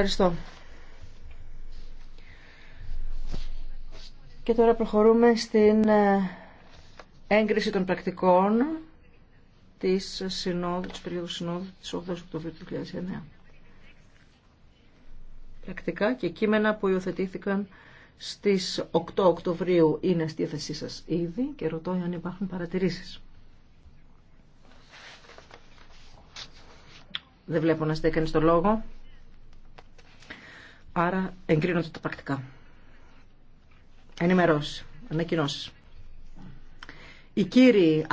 Ευχαριστώ. Και τώρα προχωρούμε στην ε, έγκριση των πρακτικών της συνόδου, της περίοδου συνόδου της 8 Οκτωβρίου του 2009. Πρακτικά και κείμενα που υιοθετήθηκαν στις 8 Οκτωβρίου είναι στη θέση σας ήδη και ρωτώ αν υπάρχουν παρατηρήσεις. Δεν βλέπω να στέκανε το λόγο. Άρα εγκρίνονται τα πρακτικά. Ενημερώσει. Ανακοινώσει. Οι κύριοι